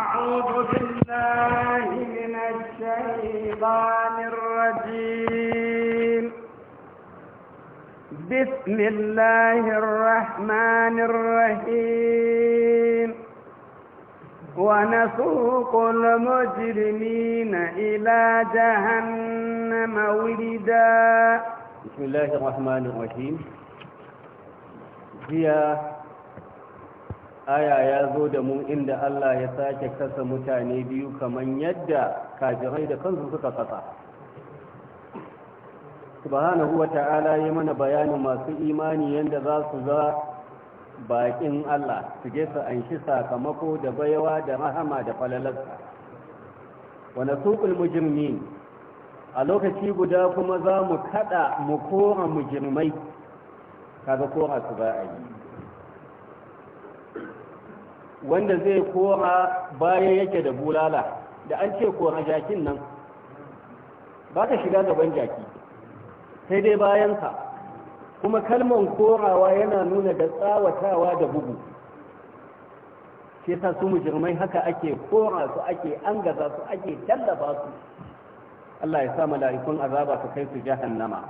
أعوذ بالله من الشيطان الرجيم بسم الله الرحمن الرحيم ونسوق المجرمين إلى جهنم وردا بسم الله الرحمن الرحيم aya ya zo da mu inda Allah ya sake kasa mutane biyu kamar yadda kafirai da kansu suka kasa subhanahu wa ta'ala ya mana bayanin masu imani yadda za su za bakin Allah su je su anshi sakamako da bayawa da rahama da falalarsa wa nasuqul mujrimin a lokaci guda kuma za mu kada mu kora mujrimai kaga kora su ba a yi wanda zai kora baya yake da bulala da an ce kora jakin nan ba ka shiga gaban jaki sai dai bayan bayansa kuma kalman korawa yana nuna da tsawatawa da bugu sai ta su mujirmai haka ake kora su ake an gaza su ake tallafa su Allah ya sa mala'ikun azaba su kai su jahannama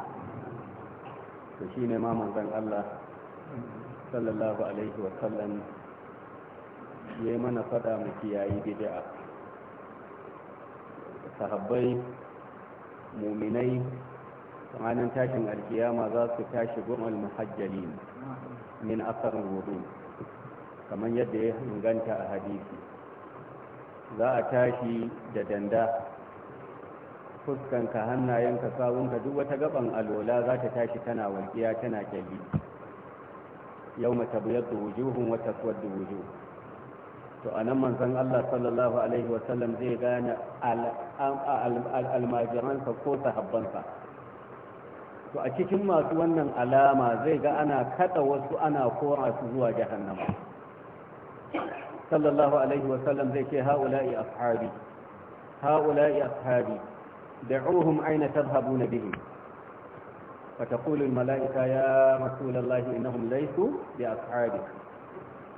to shine ma manzon Allah sallallahu alaihi wa sallam ya mana fada mu kiyayi bid'a sahabbai muminai tsananin tashin alkiyama za su tashi gumal muhajjalin min asarin wudu kamar yadda ya inganta a hadisi za a tashi da danda fuskanka hannayenka sawunka duk wata gaban alola za ta tashi tana walƙiya tana kyalli yau mata buyar wujuhun wata suwar wujuhun to anan manzon Allah sallallahu alaihi wasallam zai gane almajiransa ko sahabbansa to a cikin masu wannan alama zai ga ana kada wasu ana kora su zuwa jahannama sallallahu alaihi wasallam zai ce haula'i ashabi haula'i ashabi da'uhum aina tadhhabuna bihim فتقول الملائكة يا رسول الله إنهم ليسوا بأصحابك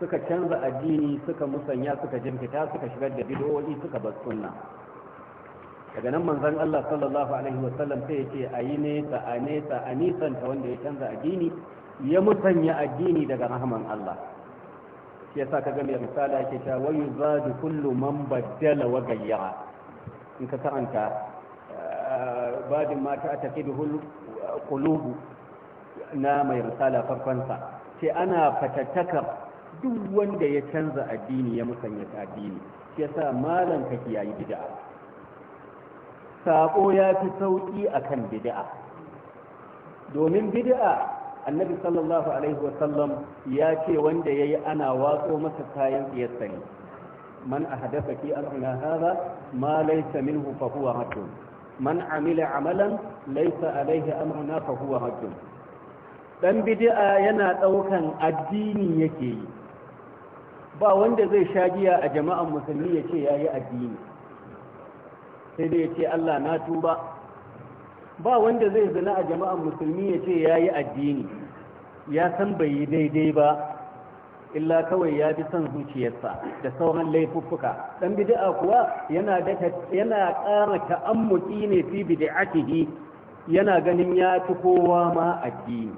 suka canza addini suka musanya suka jirkita suka shigar da bid'o'i suka bar sunna daga nan manzon Allah sallallahu alaihi wasallam sai yace ayi ne ta ane ta anisan ta wanda ya canza addini ya musanya addini daga rahman Allah shi yasa kaga mai misala yake cewa wayu yuzadu kullu man baddala wa in ka karanta eh, badin mata ataqiduhul qulubu na mai risala farkonsa ce ana fatattakar duk wanda ya canza addini ya musanya addini shi yasa malam kake yayi bid'a sako ya fi sauki akan bid'a domin bid'a annabi sallallahu alaihi wa sallam, ya ce wanda yayi ana watso masa kayan tsiyarsa ne man ahdatha fi amrina hadha ma laysa minhu fa huwa raddun man amila amalan laysa alaihi amruna fa huwa raddun dan bid'a yana daukan addini yake yi ba wanda zai sha giya a jama'an musulmi ya ce ya yi addini sai dai ya ce Allah na tuba ba wanda zai zina a jama'an musulmi ya ce ya yi addini ya san bai yi daidai ba illa kawai ya bi son zuciyarsa da sauran laifuffuka dan bid'a kuwa yana da yana ƙara ta'ammuki ne fi bid'atihi yana ganin ya ci kowa ma addini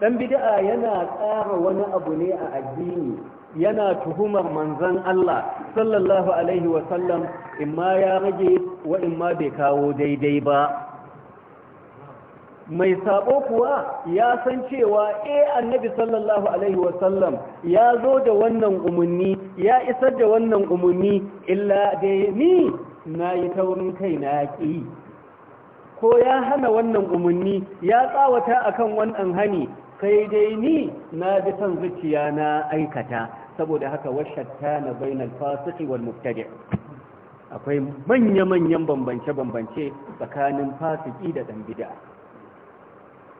dan bid'a yana ƙara wani abu ne a addini yana tuhumar manzan Allah sallallahu alaihi wasallam ma ya rage wa in ma bai kawo daidai ba mai sabo kuwa ya san cewa eh annabi sallallahu alaihi wasallam ya zo da wannan umarni ya isar da wannan umarni illa dai ni na yi taurin kai na yaƙi ko ya hana wannan umarni ya tsawata akan wannan hani sai dai ni na bi son zuciya na aikata saboda haka na bainal fasiki wal mubtadi' akwai manya-manyan bambance-bambance tsakanin fasiki da dan bid'a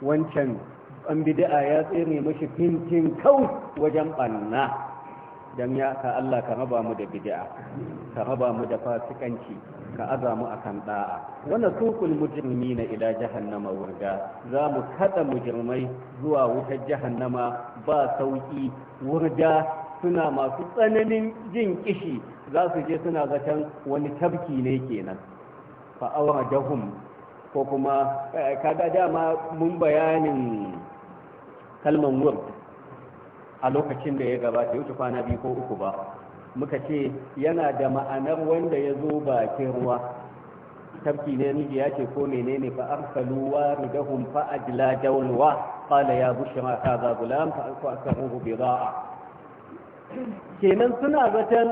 wancan dan bid'a ya tsere mashi fintin kau wajen banna dan ya ka Allah ka raba mu da bid'a ka raba mu da fasikanci ka aza mu akan da'a wannan suqul mujrimina ila jahannama wurga za mu kada mujrimai zuwa wutar jahannama ba sauki wurda suna masu tsananin jin kishi za su je suna zaton wani tabki ne kenan fa'awa dahum ko kuma eh, kada dama mun bayanin kalman wur a lokacin da ya gabata yau kwana biyu ko uku ba muka ce yana da ma'anar wanda ya zo bakin ruwa tabki ne miji ya ce ko menene fa arsalu waridahum fa ajla dawlwa qala ya bushra hadha gulam fa alqa asruhu bida'a kenan suna zaton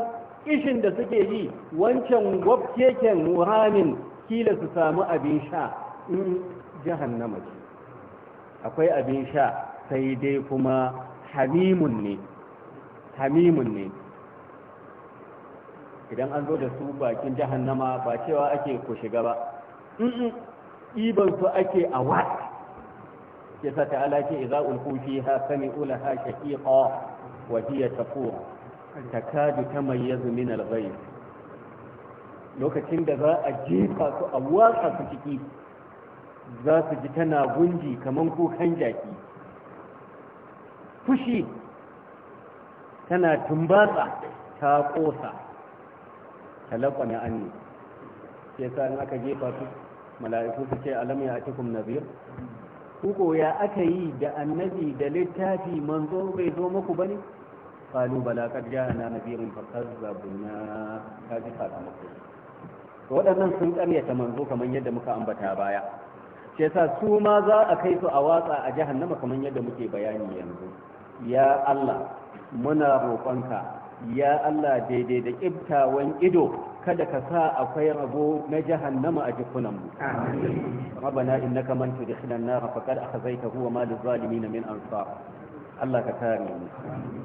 ishin da suke yi wancan gwabkeken ramin kila su samu abin sha in jahannama ce akwai abin sha sai dai kuma hamimun ne hamimun ne idan an zo da su bakin jahannama ba cewa ake ku shiga ba ɗiban su ake a wat ke sa ta'ala ce iza ulku fiha sami'u laha shaqiqa وهي تفور تكاد تميز من الغيب lokacin da za a jefa su a watsa su ciki za su ji tana gunji kamar kukan jaki fushi tana tumbatsa ta kosa talakwa na annu sai sa in aka jefa su mala'iku su ce alam ya atikum nabir kuko ya aka yi da annabi da littafi manzo bai zo muku bane ne قالوا بلى قد جاءنا نذير فكذبنا هذه sakamako to waɗannan sun ƙaryata manzo kamar yadda muka ambata baya shi sa su ma za a kai su a watsa a jahannama kamar yadda muke bayani yanzu ya Allah muna roƙonka ya Allah daidai da ƙibtawan ido kada ka sa akwai rabo na jahannama a jikunanmu rabbana innaka man tudkhilana nar faqad akhzaytahu wa ma lizalimin min ansar Allah ka kare mu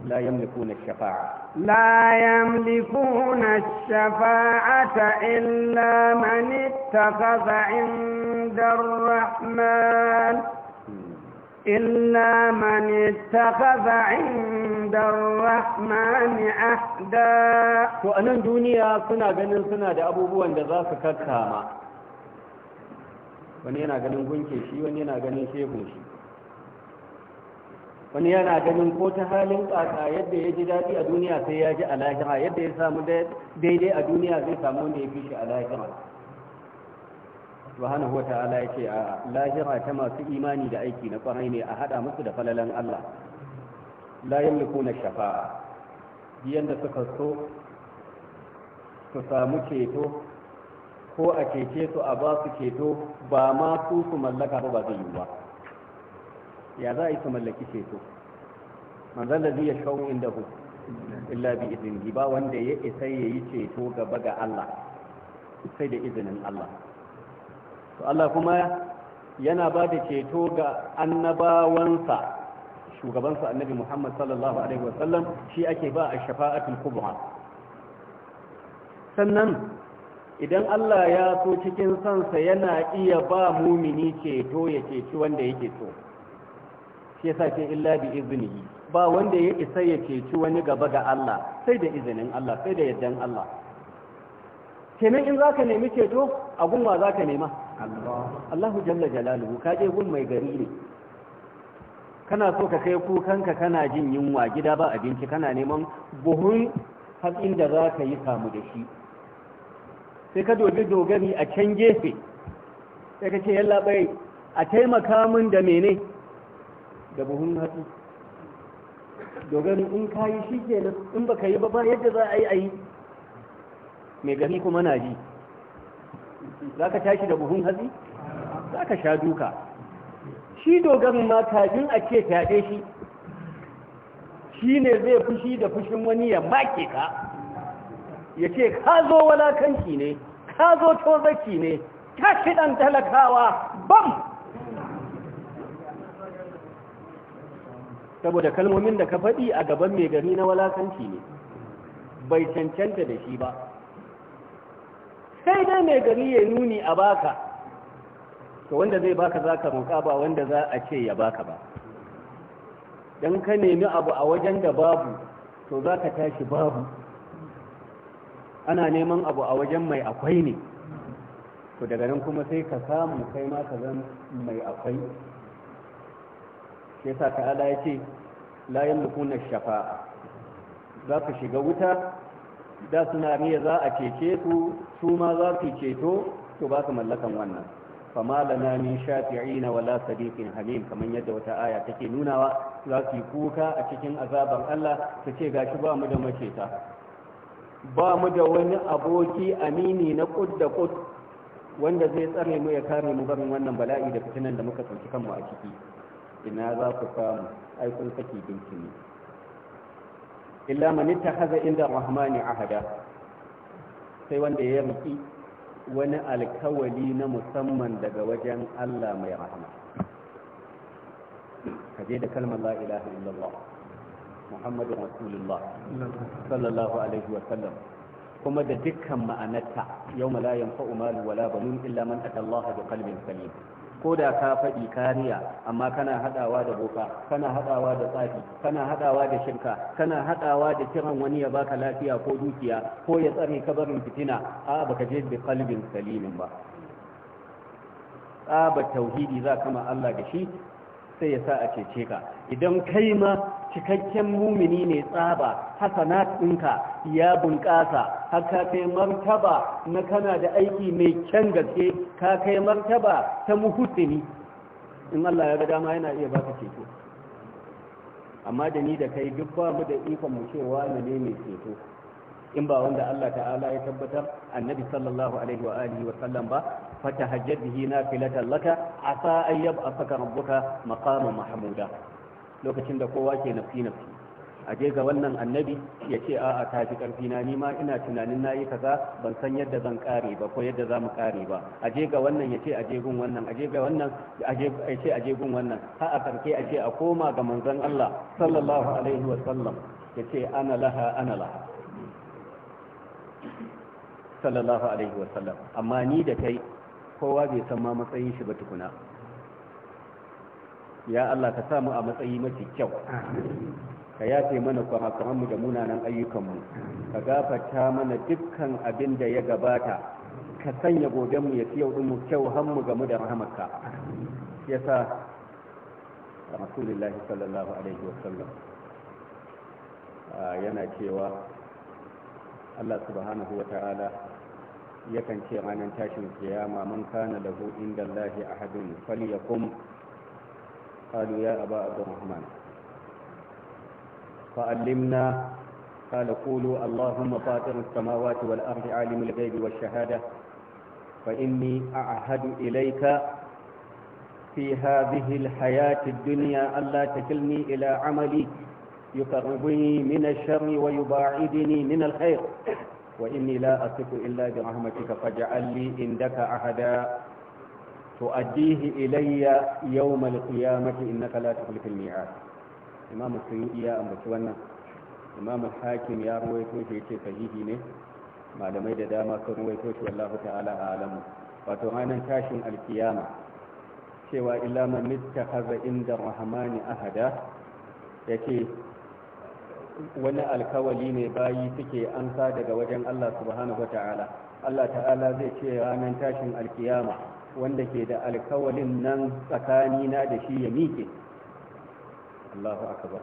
la yamlikuna shafa'a la yamlikuna shafa'ata illa man ittakhadha 'inda ar-rahman illa إلا من اتخذ عند الرحمن أحدا وأنا duniya suna ganin suna da abubuwan da za su kakkama wani yana ganin gunke shi wani yana ganin shehun shi wani yana ganin ko ta halin tsaka yadda ya ji daɗi a duniya sai ya ji a lahira yadda ya samu daidai a duniya zai samu wanda ya fi shi a lahira subhanahu wata'ala ya ce a lahira ta masu imani da aiki na kwarai ne a haɗa musu da falalan Allah la na shafa'a biyan da suka so su samu ceto ko a cece su a ba su ceto ba ma su su mallaka ba ba zai yi ba ya za a yi su mallaki ceto manzan da zai shawo inda hu illa bi izini ba wanda ya isa ya yi ceto gaba ga Allah sai da izinin Allah to Allah kuma yana ba da ceto ga annabawansa shugabansa annabi Muhammad sallallahu alaihi wasallam shi ake ba a shafa'atul kubra sannan idan Allah ya so cikin sansa yana iya ba mumini ceto ya ceci wanda yake so shi yasa ke illa bi iznihi ba wanda ya isa ya ceci wani gaba ga Allah sai da izinin Allah sai da yardan Allah kenan in zaka nemi ceto a gunwa zaka nema Allahu jalla jalaluhu ka je gun mai gari ne kana so ka kai kukanka kana jin yunwa gida ba abinci kana neman buhun hatsin da za ka yi samu da shi sai ka dobi dogari a can gefe sai ka ce yalla bai a taimaka min da mene da buhun hatsi dogani in ka yi shi nan, in ba ka yi ba yadda za a yi a yi mai gani kuma na ji za ka tashi da buhun hatsi za ka sha duka shi dogarin ma kafin a ce fyaɗe shi shi ne zai fushi da fushin wani ya make ka ya ce ka zo walakanci ne ka zo tozaki ne Ka shi ɗan talakawa bam saboda kalmomin da ka faɗi a gaban mai gari na walakanci ne bai cancanta da shi ba sai dai mai gari ya nuni a baka to wanda zai baka za ka roƙa ba wanda za a ce ya baka ba don ka nemi abu a wajen da babu to za ka tashi babu ana neman abu a wajen mai akwai ne to daga nan kuma sai ka samu kai ma ka zan mai akwai sai sa ta'ala ya ce la yamlikuna shafa'a za ku shiga wuta da suna riya za a cece ku su ma za su ceto to ba su mallakan wannan fama nami min shafi'ina wala sadiqin hamim kamar yadda wata aya take nunawa za su yi kuka a cikin azabar Allah su ce gashi ba mu da maceta ba mu da wani aboki amini na kud da kud wanda zai tsare mu ya kare mu barin wannan bala'i da fitinan da muka tsanci kanmu a ciki ina za ku samu ai kun saki dinki ne illa man ittakhadha inda rahmani ahada sai wanda ya riki wani alkawali na musamman daga wajen Allah mai rahama kaje da kalmar la ilaha illallah muhammadu rasulullah sallallahu alaihi wa sallam kuma da dukkan ma'anarta yau la yanfa'u malu wala banun illa man ata Allah bi qalbin salim ko da ka faɗi kariya amma kana haɗawa da boka kana haɗawa da tsafi kana haɗawa da shirka kana haɗawa da kiran wani ya baka lafiya ko dukiya ko ya tsare kabarin barin fitina a baka je da kalbin salimin ba tsaba tauhidi za kama Allah da shi sai ya sa a cece ka idan kai ma cikakken mumini ne tsaba hasana ɗinka ya bunƙasa har ka kai martaba na kana da aiki mai kyan gaske ka kai martaba ta muhusini in Allah ya ga dama yana iya baka ceto amma da ni da kai duk ba mu da ikon mu cewa ne mai ceto in ba wanda Allah ta'ala ya tabbatar annabi sallallahu alaihi wa alihi wa sallam ba fatahajjad bihi nafilatan laka asa an yab'athaka rabbuka maqaman mahmuda lokacin da kowa ke nafi nafi a je ga wannan annabi ya ce a'a ta fi karfi na ni ma ina tunanin nayi kaza ban san yadda zan kare ba ko yadda za mu kare ba a je ga wannan ya ce a je gun wannan a je ga wannan a je ce a je gun wannan har a karke a ce a koma ga manzon Allah sallallahu alaihi wa sallam ya ce ana laha ana laha sallallahu alaihi wasallam amma ni da kai kowa bai san ma matsayin shi ba tukuna ya Allah ka samu a matsayi mafi kyau ka yafe mana mu da munanan ayyukanmu ka gafata mana dukkan abin da ya gabata ka sanya mu ya fi mu kyau mu game da rahamarka ya sa rasulullahi sallallahu alaihi wasallam yana cewa Allah subhanahu wa ta'ala yakan ce ranar tashin kiyama man kana lahu inda Allahi ahadun falyakum qalu ya aba abdurrahman فعلمنا قال قولوا اللهم فاطر السماوات والأرض عالم الغيب والشهادة فإني أعهد إليك في هذه الحياة الدنيا ألا تكلني إلى عملي يقربني من الشر ويباعدني من الخير وإني لا أثق إلا برحمتك فاجعل لي عندك أحدا تؤديه إلي يوم القيامة إنك لا تخلف الميعاد إمام السيوطي يا أم بسوانا إمام الحاكم يا رويتو شيء صحيحي نه ما لم يدد ما رويتو والله تعالى أعلم وترانا كاشم القيامة سوى إلا من اتخذ عند الرحمن أحدا يكي wani alkawali ne bayi suke amsa daga wajen Allah subhanahu Ta'ala. Allah ta'ala zai ce ranar tashin alkiyama wanda ke da alkawalin nan tsakanina da shi ya miƙe Allahu akbar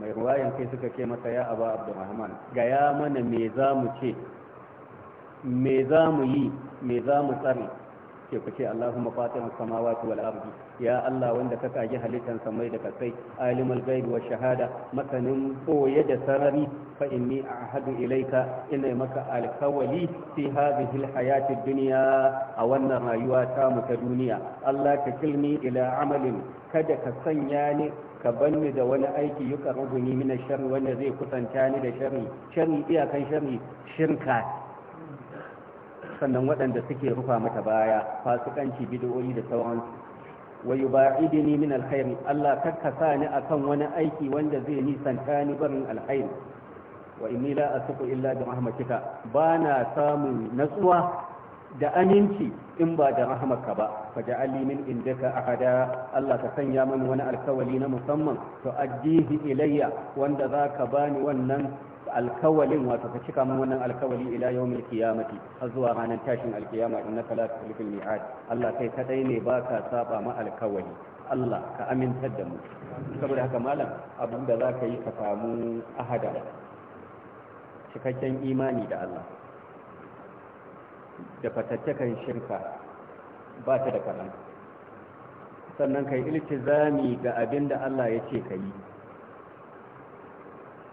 mai ruwayan kai suka ce masa ya aba abdurrahman ga ya mana me za mu ce me za mu yi me za mu tsare ce ku ce Allahumma fatiha samawati wal ardi ya Allah wanda ka kage halittan samai da kasai alimul ghaibi wa shahada masanin boye da sarari fa inni ahadu ilaika ina maka alkawali fi hadhihi al hayati dunya a wannan rayuwa ta mu ta duniya Allah ka kilmi ila amalin kada ka sanya ni ka banni da wani aiki yuka rubuni min sharri wanda zai kusanta ni da sharri sharri iyakan sharri shirka sannan waɗanda suke rufa mata baya fasikanci bid'o'i da sauransu wa yubaidini min alkhair Allah karkasa ni akan wani aiki wanda zai nisanta ni barin alkhair wa inni la asuku illa bi rahmatika bana samun natsuwa da aminci in ba da rahamaka ba faja'alli min indaka ahada Allah ka sanya mani wani alkawali na musamman to addihi ilayya wanda zaka bani wannan alkawalin wato ka cika min wannan alkawali ila yawmil qiyamati har zuwa ranar tashin alkiyama innaka la tukhliful mi'ad Allah kai kadai ne baka saba ma alkawali Allah ka aminta da mu saboda haka malam abin da zaka yi ka samu ahada cikakken imani da Allah da fatattakan shirka ba ta da kaɗan sannan kai zami ga abin da Allah ya ce ka yi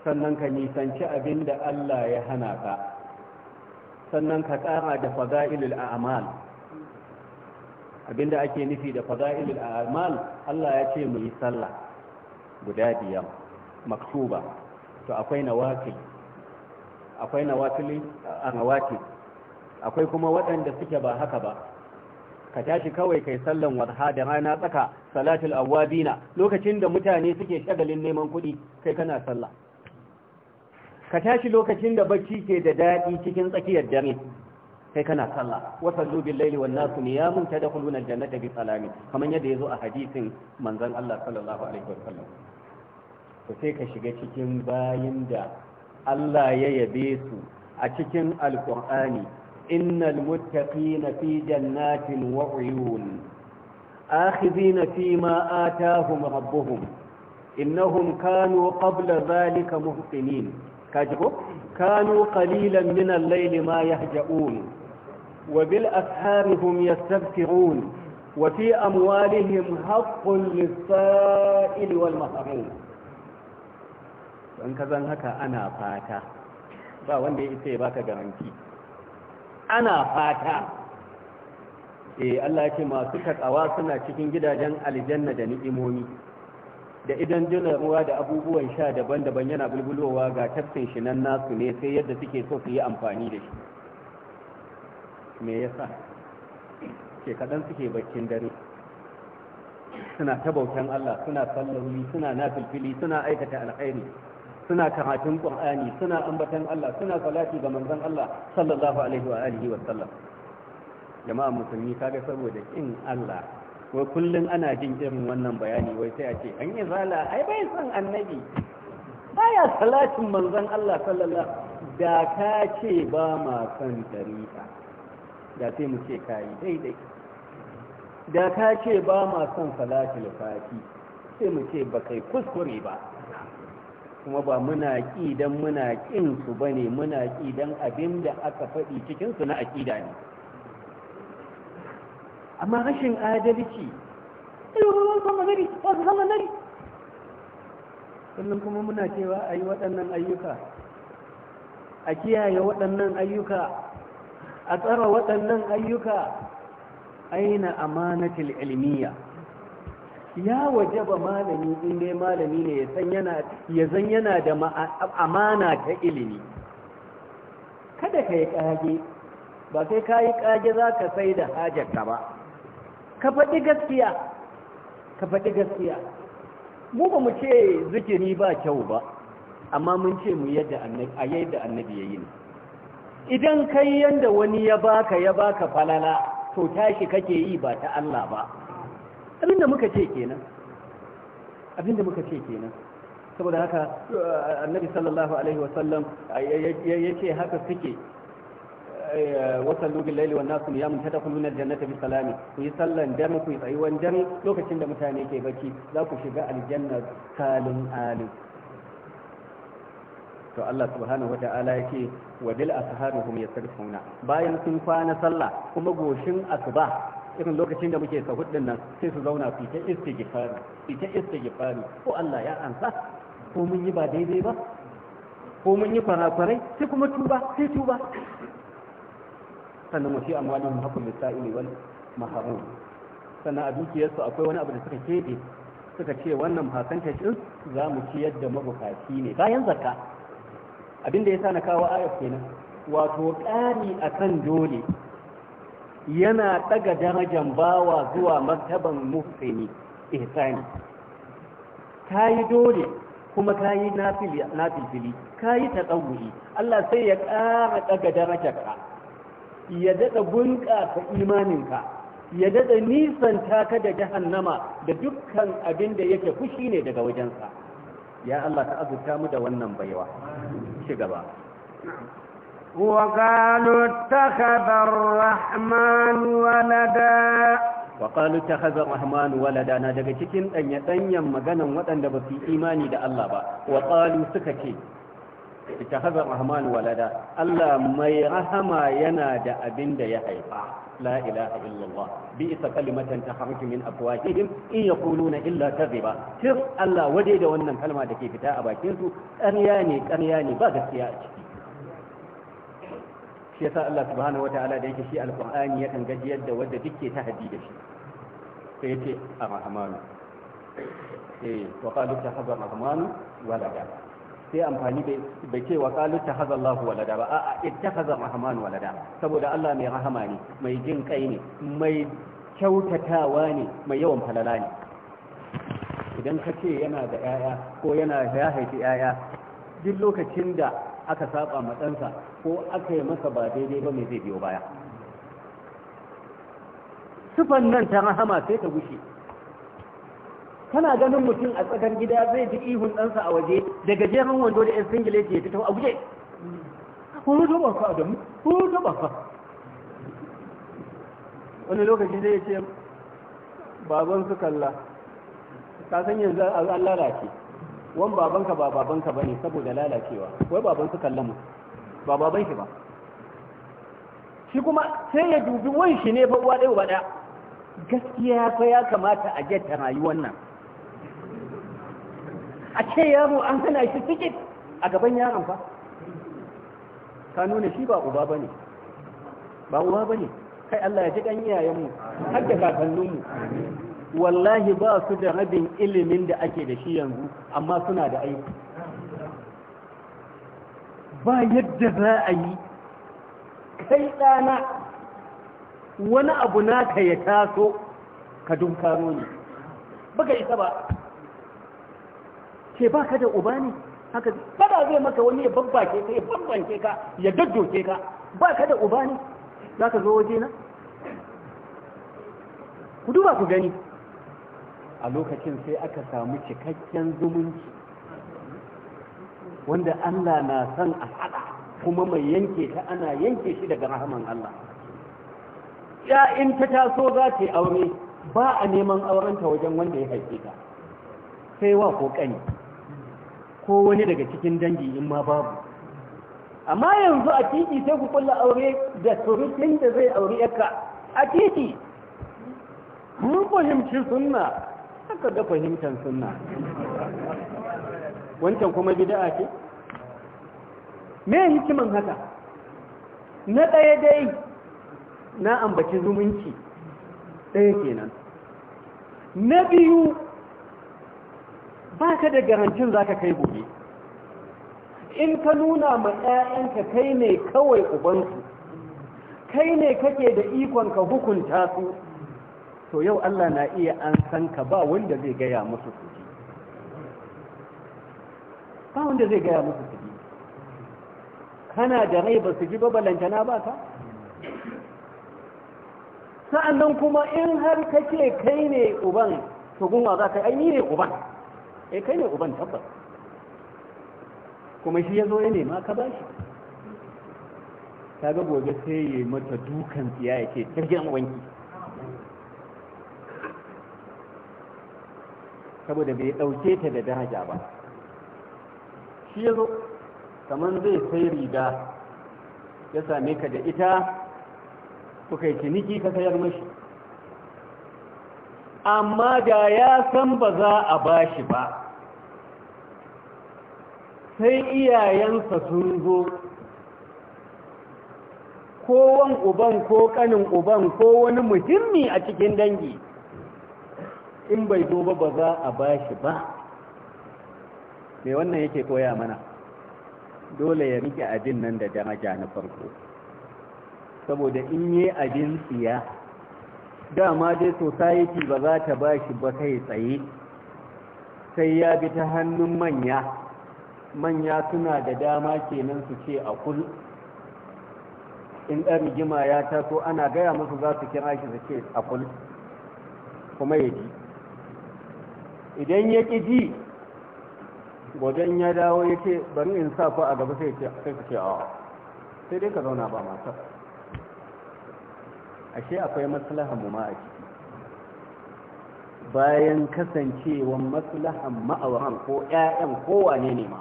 sannan ka nisanci abin da Allah ya hana ka sannan ka tsara da fada'ilul abin abinda ake nufi da fada'ilul a'mal Allah ya ce mu yi sallah guda biyar maktuba to akwai wakil akwai nawafil a akwai kuma waɗanda suke ba haka ba ka tashi kawai kai sallan wadha da rana tsaka salatul awabina lokacin da mutane suke shagalin neman kuɗi kai kana salla. ka tashi lokacin da bacci ke da daɗi cikin tsakiyar dare kai kana wa sallu bil laili wan nasu niyamun tadkhuluna al-jannata bi salami kaman yadda yazo a hadisin manzon Allah sallallahu alaihi wasallam to sai ka shiga cikin bayin da Allah ya yabe su a cikin alqur'ani إن المتقين في جنات وعيون آخذين فيما آتاهم ربهم إنهم كانوا قبل ذلك مهقنين كانوا قليلا من الليل ما يهجؤون وبالأسهار هم يستبكرون وفي أموالهم حق للسائل والمحرون فإن كذا هكا أنا فاتا فأولا إيسي باكا جرانكي ana fata eh Allah ya ce masu takawa suna cikin gidajen aljanna da ni'imomi da idan jina ruwa da abubuwan sha daban-daban yana bulbulowa ga tafsin shi nan nasu ne sai yadda suke so su yi amfani da shi me yasa ke kaɗan suke bakin dare suna ta bautan Allah suna sallahuli suna nafilfili suna aikata alkhairi suna karatun qur'ani suna ambatan Allah suna salati ga manzon Allah sallallahu alaihi wa alihi wa sallam jama'a musulmi kaga saboda kin Allah ko kullun ana jin irin wannan bayani wai sai a ce an yi zala ai bai san annabi baya salatin manzon Allah sallallahu da ka ce ba ma san tarika da sai mu ce kai daidai da ka ce ba ma son salatul fati sai mu ce ba kai kuskure ba kuma ba muna ƙi don muna ƙin su ba ne muna ƙi don abin da aka faɗi cikinsu na aƙida ne amma rashin adalci sannan kuma muna cewa a yi waɗannan ayyuka a kiyaye waɗannan ayyuka a tsara waɗannan ayyuka aina amanatul ilmiya ya wajaba malami in dai malami ne ya san yana zan yana da amana ta ilimi kada ka yi kage ba sai ka yi kage za ka sai da hajarka ba ka faɗi gaskiya ka faɗi gaskiya mu ba mu ce zikiri ba kyau ba amma mun ce mu yadda annabi a yadda annabi yayi ne idan kai yanda wani ya baka ya baka falala to tashi kake yi ba ta Allah ba abinda muka ce kenan abinda muka ce kenan saboda haka uh, annabi sallallahu alaihi wasallam uh, yake haka suke uh, wasallu bil laili wan nasu yamun tadkhuluna aljannata bi salami ku yi sallan dare ku yi tsayuwan dare lokacin da mutane ke baki za ku shiga aljanna salim ali to Allah subhanahu wata'ala yake wa dil ashabuhum yasrifuna bayan sun kwana sallah kuma goshin asuba irin lokacin da muke sahud din nan sai su zauna su ta istighfari su ta istighfari ko Allah ya ansa ko mun yi ba daidai ba ko mun yi farafarai sai kuma tuba sai tuba sannan amma wasi amwalin hakul lisa'ili wal maharum sannan a dukiyarsu akwai wani abu da suka keɓe suka ce wannan fasanta din za mu ci yadda mabukaci ne bayan zakka abinda ya sa na kawo ayat kenan wato ƙari akan dole yana daga darajan bawa zuwa martaban muhsini ihsani kayi dole kuma kayi nafilfili ta tadawuri Allah sai ya ƙara daga ka ya dada bunƙasa imaninka ya dada nisanta ka da jahannama da dukkan abin da yake fushi ne daga wajensa ya Allah ka azurta mu da wannan baiwa shiga gaba وقالوا اتخذ الرحمن ولدا وقالوا اتخذ الرحمن ولدا انا daga cikin danya danyan maganan wadanda ba fi imani da Allah ba وقالوا suka ce اتخذ الرحمن ولدا الله mai rahma yana da abinda ya haifa لا اله الا الله بئس كلمه تخرج من افواههم ان يقولون الا كذبا تر الله ودي da wannan kalma da ke fita a bakin su ƙarya ne ƙarya ne ba gaskiya a ciki shi yasa Allah subhanahu wataala da yake shi alqur'ani yakan gajiyar da wanda duke ta hadi da shi sai yace arrahmanu eh wa qalu tahaba arrahmanu walada sai amfani da bai ce wa qalu tahaba Allahu walada ba a'a ittakhadha arrahmanu walada saboda Allah mai rahama ne mai jin kai ne mai kyautatawa ne mai yawan falala ne idan ka ce yana da 'ya'ya ko yana ya haifi 'ya'ya duk lokacin da aka saba matsansa ko aka yi masa ba daidai ba mai zai biyo baya sufan nan ta rahama sai ta gushe kana ganin mutum a tsakar gida zai ji ihun ɗansa a waje daga jerin wando da 'yan singile ya fito a guje kuma ta ba fa adamu kuma ta ba fa. wani lokaci zai ce baban su kalla ka san yanzu an lalace wani babanka ba babanka ba ne saboda lalacewa wai baban su kalla mu ba baban shi ba shi kuma sai ya dubi wani shi ne fa uwa ɗaya ba ɗaya gaskiya fa ya kamata a jetta rayuwar nan a ce yaro an hana shi tiket a gaban yaron fa ka nuna shi ba uba ba ne, ba uba ba ne. kai Allah ya ji ɗan yayanmu har da kakanninmu wallahi ba su da rabin ilimin da ake da shi yanzu amma suna da aiki ba yadda za a yi kai ɗana wani abu naka ya taso ka dunkaro ne baka isa ba ce ba ka da uba ne haka bada zai maka wani ya babbake ka ya babbanke ka ya daddoke ka ba ka da uba ne za ka zo waje na ku duba ku gani a lokacin sai aka samu cikakken zumunci wanda Allah na san a haɗa kuma mai yanke ta ana yanke shi daga rahaman Allah ya in ta taso za ta yi aure ba a neman aurenta wajen wanda ya haife ta sai wa ko kani ko wani daga cikin dangi in ma babu amma yanzu a titi sai ku kulla aure da turistin da zai aure yaka a titi mun fahimci sunna haka ga fahimtar sunna wancan kuma bid'a ce me hikiman haka na ɗaya dai na ambaci zumunci ɗaya kenan na biyu ba ka da garancin za ka kai gobe in ka nuna ma 'ya'yanka kai ne kawai ubansu kai ne kake da ikon ka hukunta su to yau Allah na iya an san ka ba wanda zai gaya musu su ba wanda zai gaya musu su ji kana da rai ba su ji ba balantana ba ka sa'annan kuma in har ka ce kai ne uban to gunwa za ka aini ne uban eh kai ne uban tabbas kuma shi ya zo ya nema ka bashi ta ga gobe sai ya mata dukan tsiya ya ce tarjiyar wanki saboda bai ɗauke ta da daraja ba shi ya zo kamar zai sai riga ya same ka da ita kuka yi ciniki ka sayar mashi amma da ya san ba za a ba shi ba sai iyayensa sun zo kowan uban ko kanin uban ko wani muhimmi a cikin dangi in bai zo ba ba za a ba shi ba me wannan yake koya mana dole ya rike abin nan da daraja na farko saboda in yi abin tsiya dama dai society ba za ta ba shi ba kai tsaye sai ya bi ta hannun manya manya suna da dama kenan su ce a kul in ɗan rigima ya taso ana gaya musu za su kira shi su ce a kul kuma ya ji idan ya ƙi ji wajen ya dawo ya ce bari in sa ku a gaba sai ka ce a sai dai ka zauna ba matar ashe akwai maslahan mu ma a ciki bayan kasancewa maslahan ma'auran ko 'ya'yan kowa ne ne ma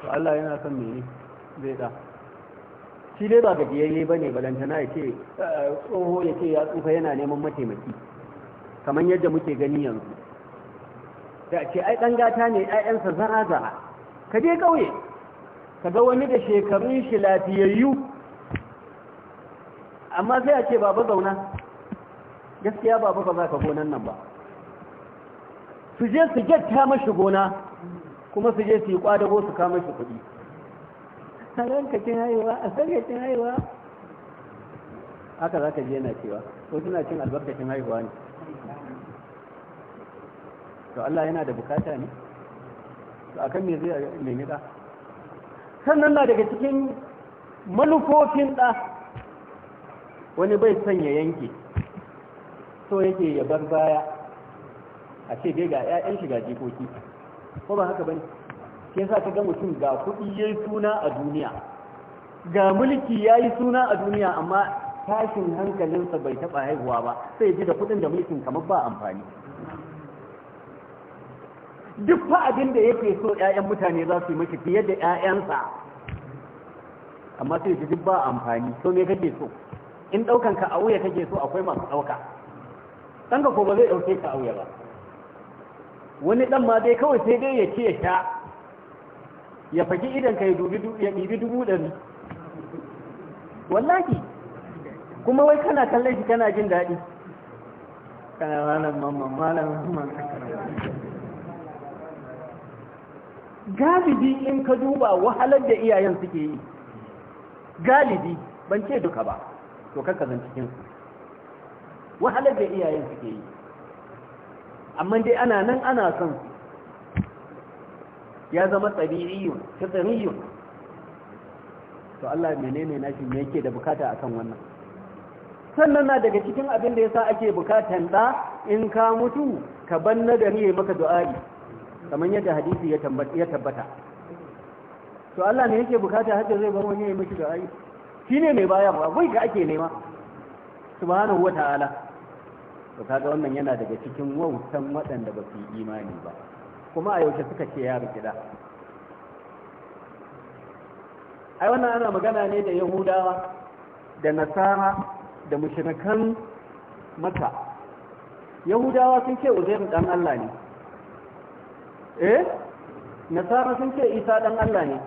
su Allah yana son mene zai da shi dai ba gajiyayye ba ne balantana ya ce tsoho ya ce ya tsufa yana neman mataimaki kamar yadda muke gani yanzu da ce ai dan gata ne ƴaƴansa zara ka je kauye ka ga wani da shekarun shi lafiyayyu amma sai a ce baba zauna gaskiya baba ba za ka gonan nan ba su je su gyatta mashi gona kuma su je su yi ƙwadago su kama shi kuɗi a rankacin haihuwa a sarkacin haihuwa haka za ka je na cewa ko suna cin albarkacin haihuwa ne to Allah yana da bukata ne to akan me zai ne da sannan na daga cikin manufofin da wani bai son ya yanke so yake ya bar baya a ce dai ga 'ya'yan shiga jikoki ko ba haka bane ke sa ka ga mutum ga kuɗi yayi suna a duniya ga mulki yayi suna a duniya amma tashin hankalinsa bai taɓa haihuwa ba sai ji da kuɗin da mulkin kamar ba amfani duk fa abin da yake so ƴaƴan mutane za su yi mashi fiye da ƴaƴansa amma sai ji duk ba amfani so me kake so in daukan ka auya kake so akwai masu dauka dan ka ko ba zai dauke ka auya ba wani dan ma dai kawai sai dai ya ce ya sha ya faki idan ka ya dubi ya dubi dubu dari wallahi kuma wai kana kallon shi kana jin daɗi kana malam mamman malam mamman galibi in ka duba wahalar da iyayen suke yi galibi ban ce duka ba to kanka zan cikin su wahalar da iyayen suke yi amma dai ana nan ana son su ya zama tsabiriyun tsabiriyun to Allah menene nashi me yake da bukata akan wannan sannan na daga cikin abin da yasa ake bukatan da in ka mutu ka banna da ne maka du'a kamar yadda hadisi ya tabbata to Allah ne yake bukata hajjar zai bar wani ya miki da ai shine mai baya ba wai ka ake nema subhanahu wata'ala to kaga wannan yana daga cikin wautan waɗanda ba su imani ba kuma a yaushe suka ce ya da ai wannan ana magana ne da yahudawa da nasara da mushrikan maka yahudawa sun ce uzairu dan Allah ne eh nasara sun ce isa dan Allah ne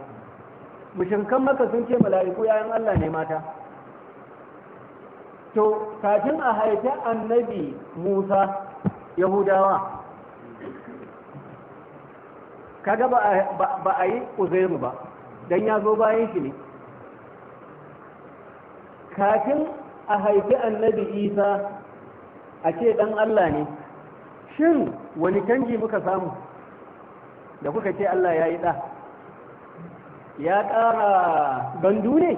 mushinkan maka sun ce mala'iku yayin Allah ne mata to kafin a haifi annabi Musa Yahudawa kaga ba a yi uzairu ba don ya zo bayan shi ne kafin a haifi annabi isa a ce dan Allah ne shin wani canji muka samu da kuka ce Allah ya yi ɗa ya ƙara gandu ne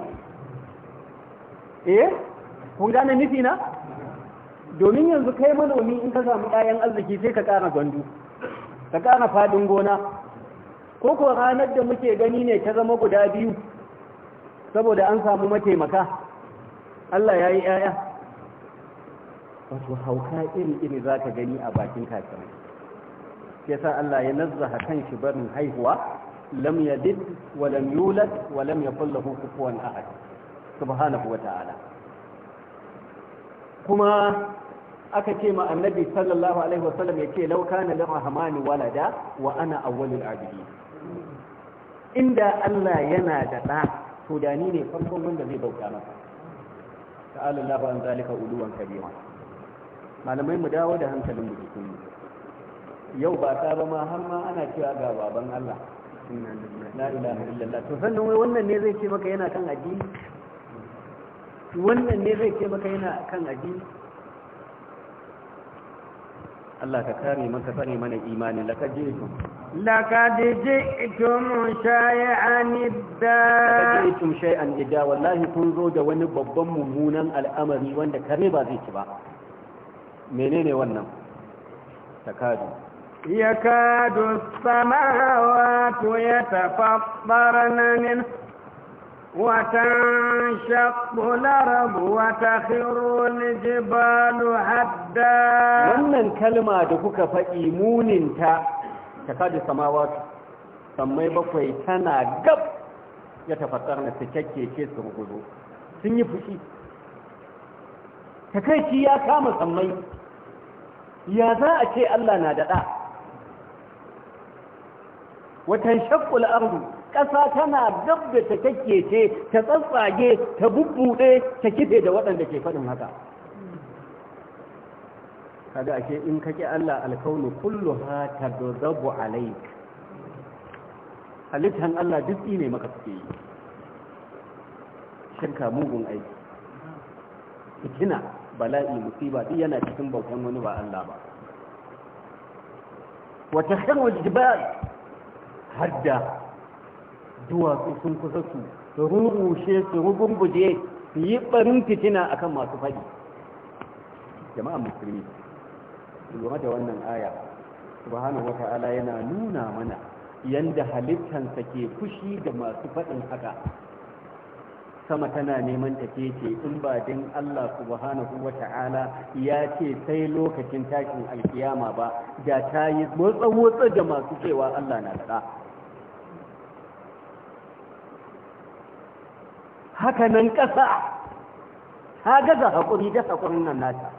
eh kun gane nufi na domin yanzu kai manomi in ka samu ɗayan arziki sai ka ƙara gandu ka ƙara faɗin gona ko ko ranar da muke gani ne ta zama guda biyu saboda an samu mataimaka Allah ya yi ‘ya'ya wato hauka iri-iri za ka gani a bakin kakirai yasa Allah ya nazzaha kanshi barin haihuwa lam yalid wa lam yulad wa lam yakul lahu kufuwan ahad subhanahu wa ta'ala kuma aka ce ma annabi sallallahu alaihi wa sallam yace law kana lirahmani walada wa ana awwalul abidin inda Allah yana da da to da ni ne farkon wanda zai bauta masa ta'ala Allah an zalika uluwan kabira malamai mu dawo da hankalin mu jikin mu yau ba ta ba ma har ma ana cewa ga baban Allah la ilaha illallah to sannan wai wannan ne zai ce maka yana kan addini wannan ne zai ce maka yana kan addini Allah ka kare maka sani mana imani laqad to mu ji'tum anidda idda laqad ji'tum shay'an idda wallahi kun zo da wani babban mummunan al'amari wanda kare ba zai ci ba menene wannan takadu يكاد السماوات يتفطرن منه وتنشق الأرض وتخر الجبال هدا wannan kalma da kuka faɗi muninta ta kada samawatu sammai bakwai tana gab ya tafasar na cikakke ce su gudu sun yi fushi takaici ya kama sammai ya za a ce Allah na da daɗa watan shakul ardu ƙasa tana dab da ta ce, ta tsatsage ta bubbuɗe ta kife da waɗanda ke faɗin haka kaga ashe in kake Allah alkaunu kullu ha tadzabu alayk halittan Allah duk ne maka suke yi shirka mugun aiki fitina bala'i musiba duk yana cikin bautan wani ba Allah ba wa tahrimu jibal hadda duwatsu sun kusa su su rurushe su rugumbuje su yi barin fitina akan masu faɗi jama'a musulmi lura da wannan aya subhanahu Ta'ala yana nuna mana yanda halittansa ke fushi da masu faɗin haka sama tana neman ta ce, in ba din Allah subhanahu Ta'ala) ya ce sai lokacin tashin alkiyama ba da ta yi motsa-motsa da masu cewa Allah na da haka nan ƙasa ta gaza haƙuri da haƙurin nan nata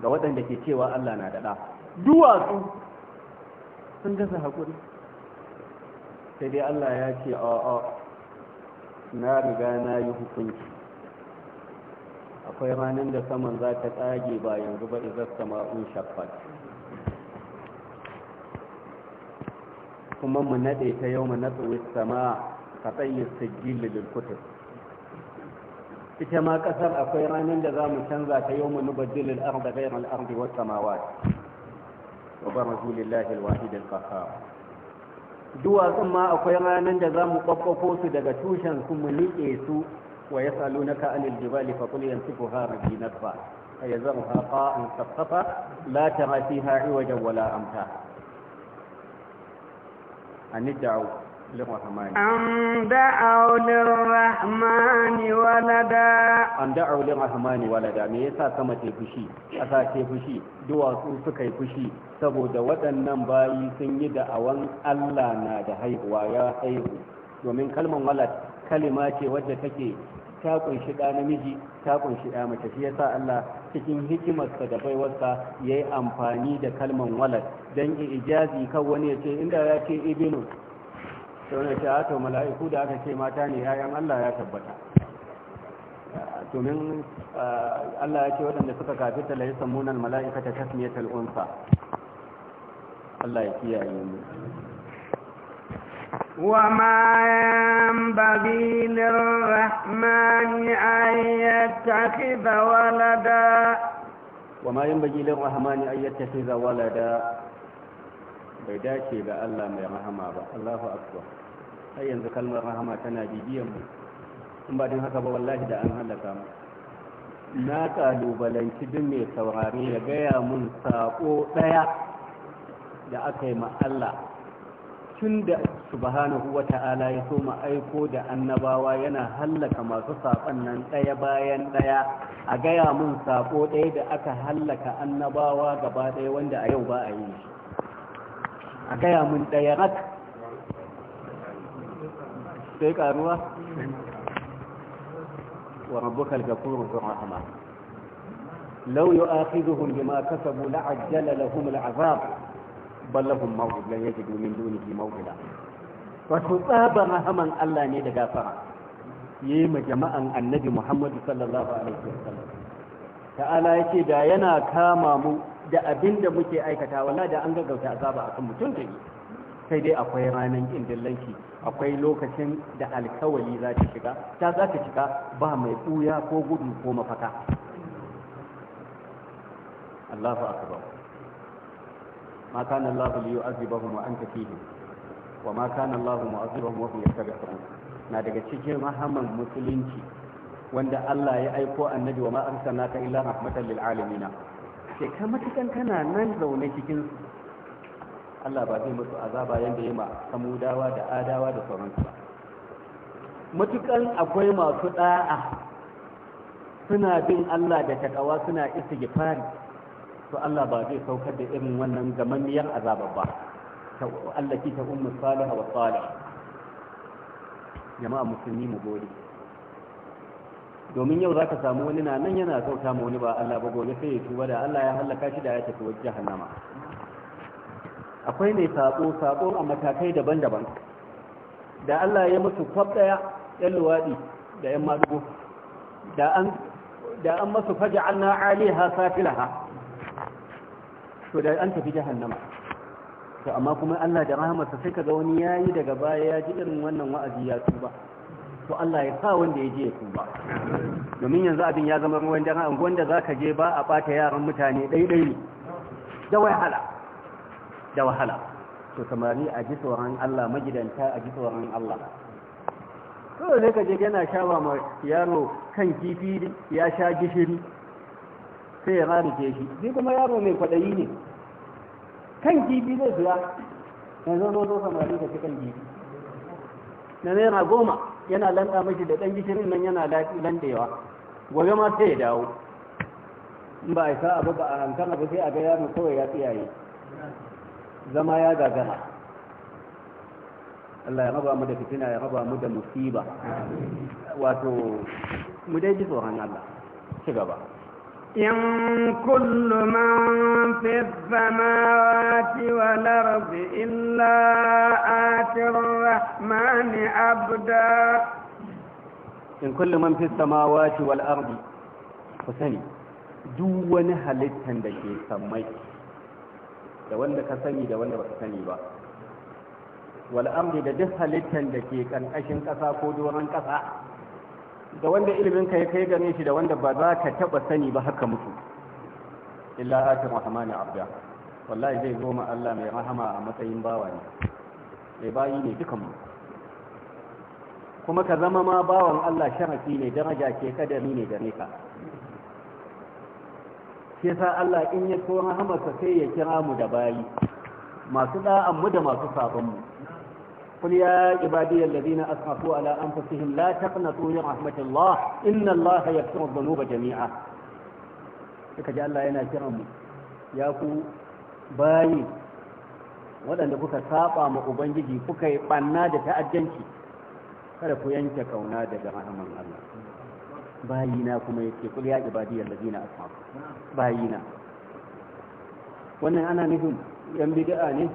ga waɗanda ke cewa Allah na daɗa duwatsu sun gaza haƙuri sai dai Allah ya ce a'a na riga na yi hukunci akwai ranar da saman za ta tsage ba yanzu ba izar sama'un shafat kuma mu naɗe ta yau mu natsuwa sama خطي السجل للكتب كما كثر أخيران عند ذا مشنزة يوم نبدل الأرض غير الأرض والسماوات وبرزو لله الواحد القهار دوا ثم أخيران عند ذا مقفقوس دقشوشا ثم نئيسو ويسألونك عن الجبال فقل ينسفها ربي نبا فيزرها قاء صفصفا لا ترى فيها عوجا ولا أمتا أن الدعوة an أم دعوا rahmani ولدا me yasa sama ta fushi ƙasa ta fushi duwatsu suka yi fushi saboda waɗannan bayi sun yi da da'awan Allah na da haihuwa ya haihu domin kalmar walad kalima ce wadda take ta kunshi ɗa namiji ta kunshi ɗa mace shi yasa Allah cikin hikimarsa da baiwarsa ya yi amfani da kalmar walad don ijazi kan wani ya ce inda ya ce ibinu sau na ta haka mala'iku da aka ce mata ne yayan Allah ya tabbata domin Allah ya ce waɗanda suka kafi ta sammunan mala'ika ta tasmiyar tal'unsa Allah ya kiyaye mu وما ينبغي للرحمن أن يتخذ ولدا وما ينبغي للرحمن أن يتخذ ولدا bai dace ga Allah mai rahama ba Allahu akbar har yanzu kalmar rahama tana bibiyan mu in ba din haka ba wallahi da an halaka mu na kalubalanci duk mai saurari ya gaya mun sako daya da aka yi ma Allah tun da subhanahu wa ta'ala ya so mu aiko da annabawa yana hallaka masu saƙon nan ɗaya bayan ɗaya a gaya mun saƙo ɗaya da aka hallaka annabawa gaba ɗaya wanda a yau ba a yi shi a gaya mun ɗaya rak sai ƙaruwa wa rabbukal gafurur rahma law yu'akhidhuhum bima kasabu la'ajjala lahum al'azab bal lahum maw'id lan yajidu min dunihi maw'ida wato tsaban rahaman Allah ne da gafara yi ma jama'an annabi Muhammadu sallallahu alaihi wasallam ta'ala yake da yana kama mu da abin da muke aikata wala da an gaggauta azaba akan mutum da sai dai akwai ranar ƙin dillanci akwai lokacin da alkawali za ta shiga ta za ta shiga ba mai ɓuya ko gudu ko mafaka Allahu akbar ma kana Allah li yu'azibahum wa anta fihim wa ma kana Allah mu'azibahum wa hum yastaghfirun na daga cikin rahaman musulunci wanda Allah ya aiko annabi wa ma arsalnaka illa rahmatan lil alamin ce ka matukan kana nan zaune cikin Allah ba zai musu azaba yanda ya ma samudawa da adawa da sauransu ba matukan akwai masu da'a suna bin Allah da takawa suna istighfari to Allah ba zai saukar da irin wannan gamammiyar azaba ba Allah ki ta ummu salih wa salih jama'a musulmi mu gode domin yau za ka samu wani na nan yana kauta ma wani ba Allah ba gobe sai ya tuba da Allah ya halaka shi da ya tafi wajen jahannama akwai ne sako sako a matakai daban-daban da Allah ya musu kwab daya yan luwadi da yan madugo da an da an masu faj'alna 'aliha safilaha to da an tafi jahannama to amma kuma Allah da rahamarsa sai kaga wani yayi daga baya ya ji irin wannan wa'azi ya tuba to Allah ya sa wanda ya je ya tuba domin yanzu abin ya zama ruwan dare an gwanda zaka je ba a bata yaran mutane daidai ne da wahala da wahala to samari a ji tsoron Allah magidanta a ji tsoron Allah to ne ka je yana shawa ma yaro kan kifi ya sha gishiri sai ya ke shi ni kuma yaro mai kwadayi ne kan kifi zai zuwa yanzu zo samari ka shi kan kifi na naira goma yana landa mashi da ɗan gishirin nan yana landewa gobe ma sai ya dawo in ba a isa abu ba a hankala ba sai a ga yaro kawai ya tsiyaye zama ya gagara Allah ya raba mu da fitina ya raba mu da musiba wato mu dai ji tsoron Allah ci gaba إن كل من في السماوات والأرض إلا آتي الرحمن عبدا in kulluman man fis samawati wal ardi ku sani duk wani halittan da ke sammai da wanda ka sani da wanda baka sani ba wal da duk halittan da ke kankashin ƙasa ko doron ƙasa. Da wanda ilimin ka ya kai gane shi da wanda ba za ka taba sani ba haka mutu illa atin rahmani abda wallahi zai zo ma Allah mai rahama a matsayin bawa ne mai bayi ne dukan mu kuma ka zama ma bawan Allah sharafi ne daraja ce kadari ne gare ka shi sa Allah in ya so rahamarsa sai ya kira mu da bayi masu da'an mu da masu sabon mu قل يا عبادي الذين أسرفوا على أنفسهم لا تقنطوا من رحمة الله إن الله يغفر الذنوب جميعا ji Allah yana kiran mu ya ku bayi waɗanda kuka saba ma ubangiji kuka yi ɓanna da ta'addanci kada ku yanke kauna daga rahaman Allah bayi na kuma yake kul ya ibadiyal ladina bayi na. wannan ana nufin yan bid'a ne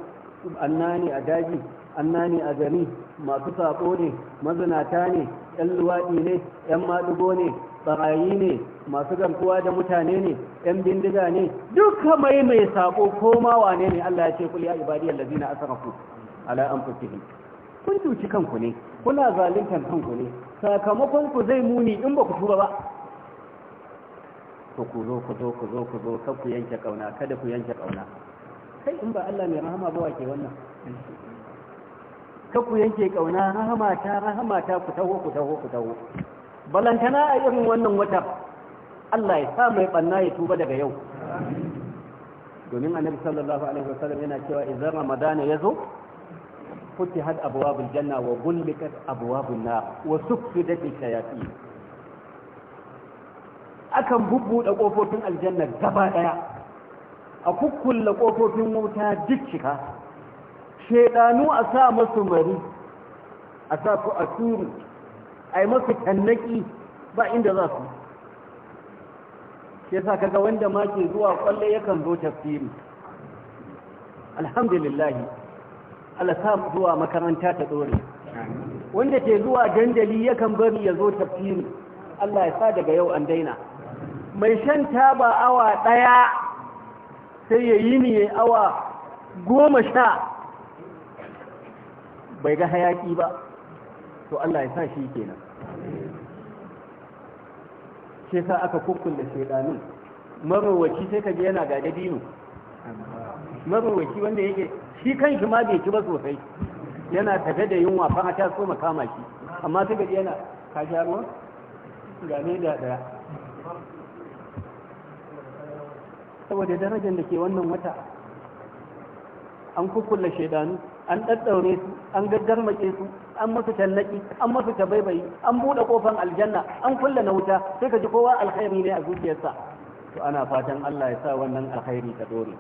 anna ne a daji annani a gani, masu saƙo ne mazinata ne ‘yan luwaɗi ne ‘yan maɗugo ne tsarayi ne masu garkuwa da mutane ne ‘yan bindiga ne duka mai mai saƙo ko ma wane ne Allah ya ce kul ya A ladina asrafu ala anfusihim kun cuci kanku ne kuna zaluntar kanku ne sakamakon ku zai muni in ba ku tuba ba to ku zo ku zo ku zo ku zo kada ku yanke kauna kada ku yanke kauna kai in ba Allah mai rahama ba wake wannan ka ku yanke kauna rahama ta rahama ta ku taho ku taho ku taho balantana a irin wannan wata Allah ya sa mai banna ya tuba daga yau domin annabi sallallahu alaihi wasallam yana cewa idan ramadan ya zo futihat abwabul janna wa gulbikat abwabun na wa suffidat shayatin akan bubbuɗe kofofin aljanna gaba daya a kukkulle kofofin wuta duk shika shedanu a sa masu mari a sa ku a turu a yi masu kannaki ba inda za su ke sa kaga wanda ma ke zuwa kwallo yakan zo tafsiri alhamdulillah Allah sa zuwa makaranta ta dore wanda ke zuwa dandali yakan bari ya zo tafsiri Allah ya sa daga yau an daina mai shan taba awa daya sai ya yi ne awa goma sha bai ga hayaki ba to Allah ya sa shi kenan sai sa aka da shedanin marowaci sai kaje yana ga Dino. marowaci wanda yake shi kanshi ma bai ci ba sosai yana tafe da yunwa fa ta so kama shi amma sai kaje yana ka sha ruwa ga ne da daya saboda darajar da ke wannan wata an kukkulle shedanu an ɗaɗɗaure su an gaggarmace su an masu tallaki an masu tabaibayi an buɗe kofan aljanna an kulle na wuta sai ka ji kowa alkhairi ne a zuciyarsa to ana fatan Allah ya sa wannan alkhairi ta dore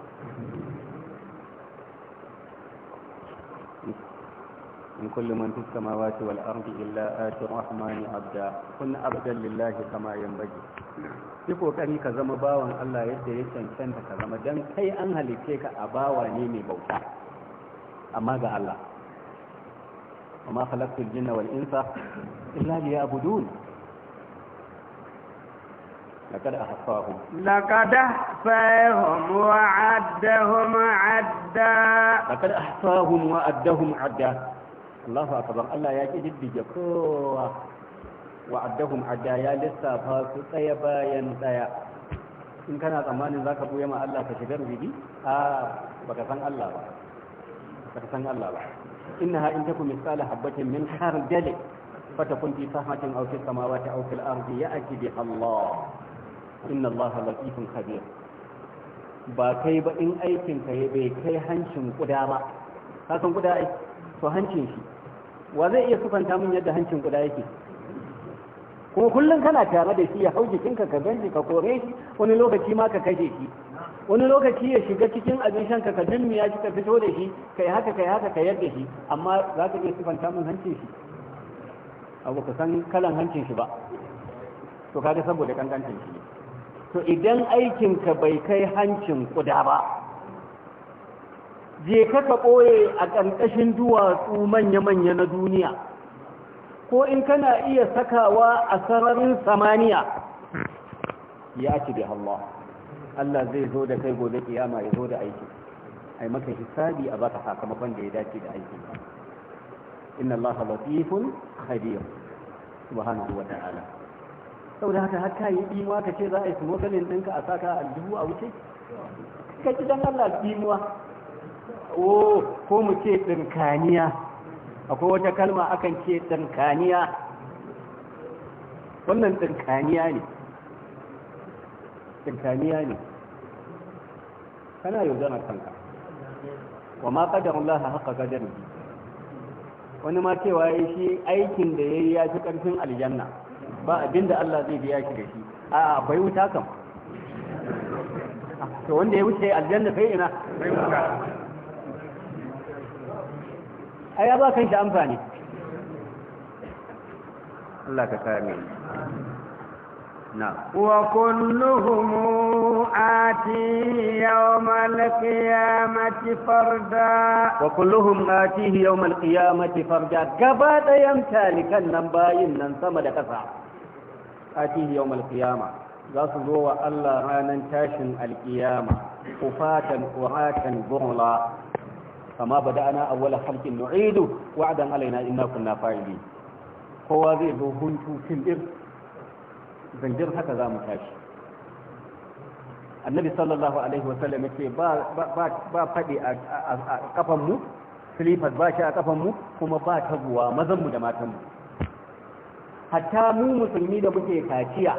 من كل من في السماوات والأرض إلا آت الرحمن عبدا كن عبدا لله كما ينبغي yi kokari ka zama bawan Allah yadda ya cancanta ka zama don kai an halitte ka a ne mai bauta amma ga Allah amma khalaqtul jinna wal insa illa liya'budun لقد أحصاهم لقد أحصاهم وعدهم عدا لقد أحصاهم وعدهم عدا الله أكبر الله يا جد جكوا وعدهم عدا يا لسا فاسو تيا باين تيا إن كان زمان ذاك أبو يما الله تشغل به آه بكثان الله baka san Allah ba innaha in takum misala habatin min khardal fatakun fi sahmatin aw fi samawati aw fil ardi ya'ti bi Allah inna Allah latifun khabir ba kai ba in aikin ka ya bai kai hancin kuda ba ka san kuda ai to hancin shi wa zai iya sufanta min yadda hancin kuda yake kuma kullum kana tare da shi ya hau jikinka ka ganji ka kore shi wani lokaci ma ka kashe shi wani lokaci ya shiga cikin abin shanka ka dimmi ya cika fito da shi kai haka kai haka ka yadda shi amma za ka iya sifan min hancin shi abu ka san kalan hancin shi ba to kaga saboda kankancin shi to idan aikinka bai kai hancin kuda ba je ka ka ɓoye a ƙarƙashin duwatsu manya-manya na duniya ko in kana iya sakawa a sararin samaniya ya ci da Allah Allah zai zo da kai gobe kiyama ya zo da aiki ai maka hisabi a baka sakamakon da ya dace da aiki inna Allah latifun khabir subhanahu wa ta'ala saboda haka har ka yi imuwa ka ce za a yi smokalin ɗinka a saka a dubu a wuce ka ci don Allah imuwa o ko mu ce tsinkaniya akwai wata kalma akan ce tsinkaniya wannan tsinkaniya ne tsirkaniya ne kana zana kanka wa ma qadarullaha haqqa qadarihi wani ma cewa ya shi aikin da ya yi ya fi ƙarfin aljanna ba abin da Allah zai biya shi da shi a akwai wuta kan to wanda ya wuce aljanna sai ina ai ya ba kan shi amfani Allah ka kare mu وكلهم آتيه يوم القيامة فردا وكلهم آتيه يوم القيامة فردا قبات يمتالك النباين ننسم دكسا آتيه يوم القيامة za su zo wa Allah ranar tashin alkiyama ufatan ƙuratan burla kama bada ana awwala halkin nu'idu wa'adan alaina inna kunna kowa zai zo huntu zanjir haka za mu tashi annabi sallallahu alaihi wasallam yake ba ba faɗi a ƙafanmu silifas ba shi a ƙafanmu kuma ba taguwa mazanmu da matanmu hatta mu musulmi da muke kaciya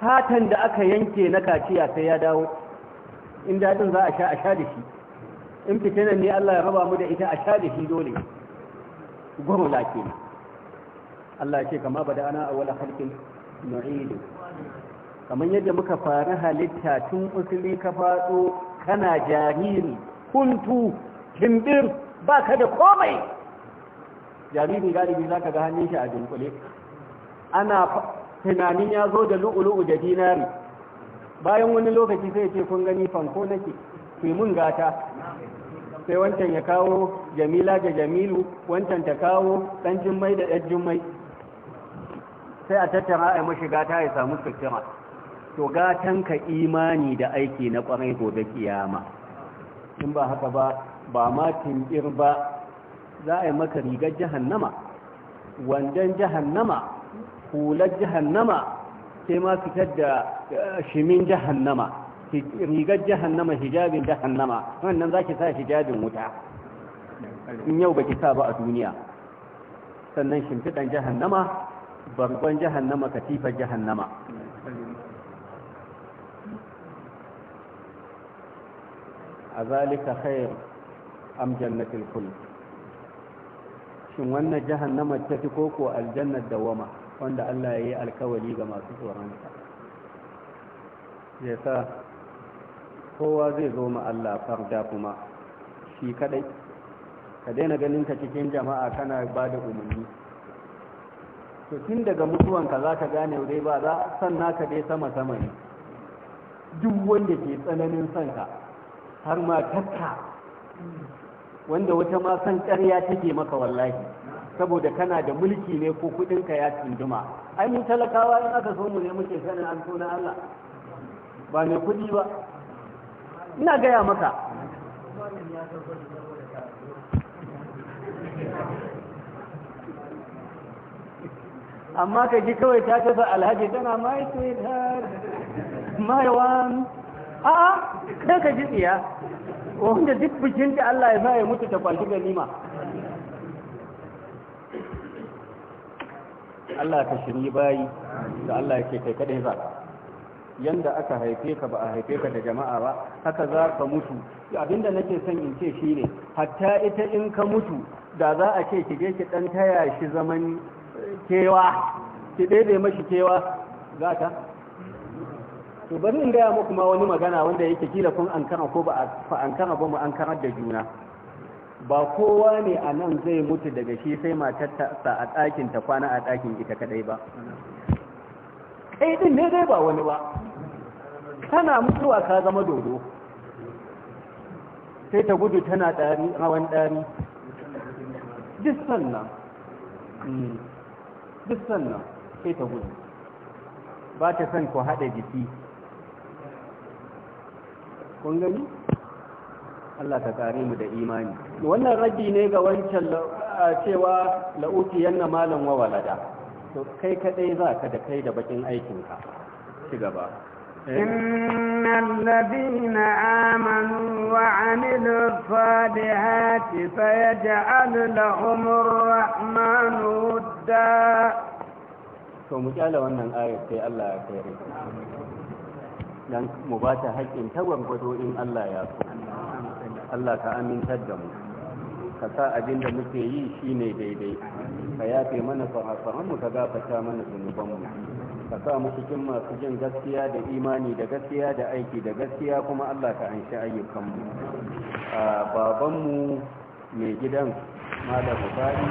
fatan da aka yanke na kaciya sai ya dawo in daɗin za a sha a sha da shi in fitinan ne Allah ya raba mu da ita a sha da shi dole gwamnati lafiya. Allah ce kama bada ana a wala halkin nu'idu kamar yadda muka fara halitta tun usuli ka faɗo kana jariri kuntu timbir ba ka da komai jariri galibi za ka ga hannun shi a dunkule ana tunanin ya zo da lu'ulu'u da dinari bayan wani lokaci sai ce kun gani fanko nake ku mun gata sai wancan ya kawo jamila da jamilu wancan ta kawo ɗan Jummai da ɗan Jummai. sai a tattara a mashi gata ya samu sutura to gatan ka imani da aiki na kwarai gobe kiyama in ba haka ba ba ma timbir ba za a yi maka rigar jahannama wandan jahannama hular jahannama sai ma fitar da eh, shimin jahannama rigar jahannama hijabin jahannama wannan za ki sa hijabin wuta in yau ba ki sa ba a duniya sannan shimfiɗan jahannama bargon jahannama katifar jahannama a zalika khair am jannatil kull shin wannan jahannama ta fi koko aljannar dawama wanda Allah ya yi alkawali ga masu tsoronsa ya sa kowa zai zo ma Allah farda kuma shi kadai ka daina ganin ka cikin jama'a kana ba da umarni to tun daga mutuwanka za ka gane dai ba za san naka dai sama-sama ne duk wanda ke tsananin sanka har ma tatta wanda wata ma san ƙarya take maka wallahi saboda kana da mulki ne ko kudinka ya tunduma ai mun talakawa in aka so mu ne muke sanin an so na Allah ba mai kudi ba ina gaya maka amma ka ji kawai ta tafi alhaji tana my sweetheart my one a'a kai ka ji tsiya wanda duk bikin ta Allah ya sa ya mutu ta kwanci ganima Allah ka shirye bayi da Allah ya ce kai kadai za yanda aka haife ka ba a haife ka da jama'a ba haka za ka mutu abinda nake son in ce shine hatta ita in ka mutu da za a ce ki je ki dan taya shi zaman kewa ki daidai mashi kewa za ta to bari in gaya muku ma wani magana wanda yake kila kun an kana ko ba an kana ba mu an kana da juna ba kowa ne a nan zai mutu daga shi sai matarsa a ɗakin ta kwana a ɗakin ita kadai ba kai din ne dai ba wani ba kana mutuwa ka zama dodo sai ta gudu tana ɗari rawan ɗari duk sannan hmm. duk sannan sai ta gudu ba ta san ku haɗa jiki kun gani Allah ka kare mu da imani wannan raji ne ga wancan cewa la'uti yanna malam wa walada to kai kaɗai za ka da kai da bakin aikinka ci gaba إن الذين آمنوا وعملوا الصالحات فيجعل لهم الرحمن ودا to mu kyale wannan ayar sai Allah ya kare dan mu ba ta haƙƙin ta gwargwado in Allah ya so Allah ka aminta da mu ka sa abin da muke yi shine daidai ka yafe mana sahasahan mu ka gafarta mana zunubanmu ka sa mu cikin masu jin gaskiya da imani da gaskiya da aiki da gaskiya kuma Allah ka anshi ayyukanmu babanmu mai gidan malam bukari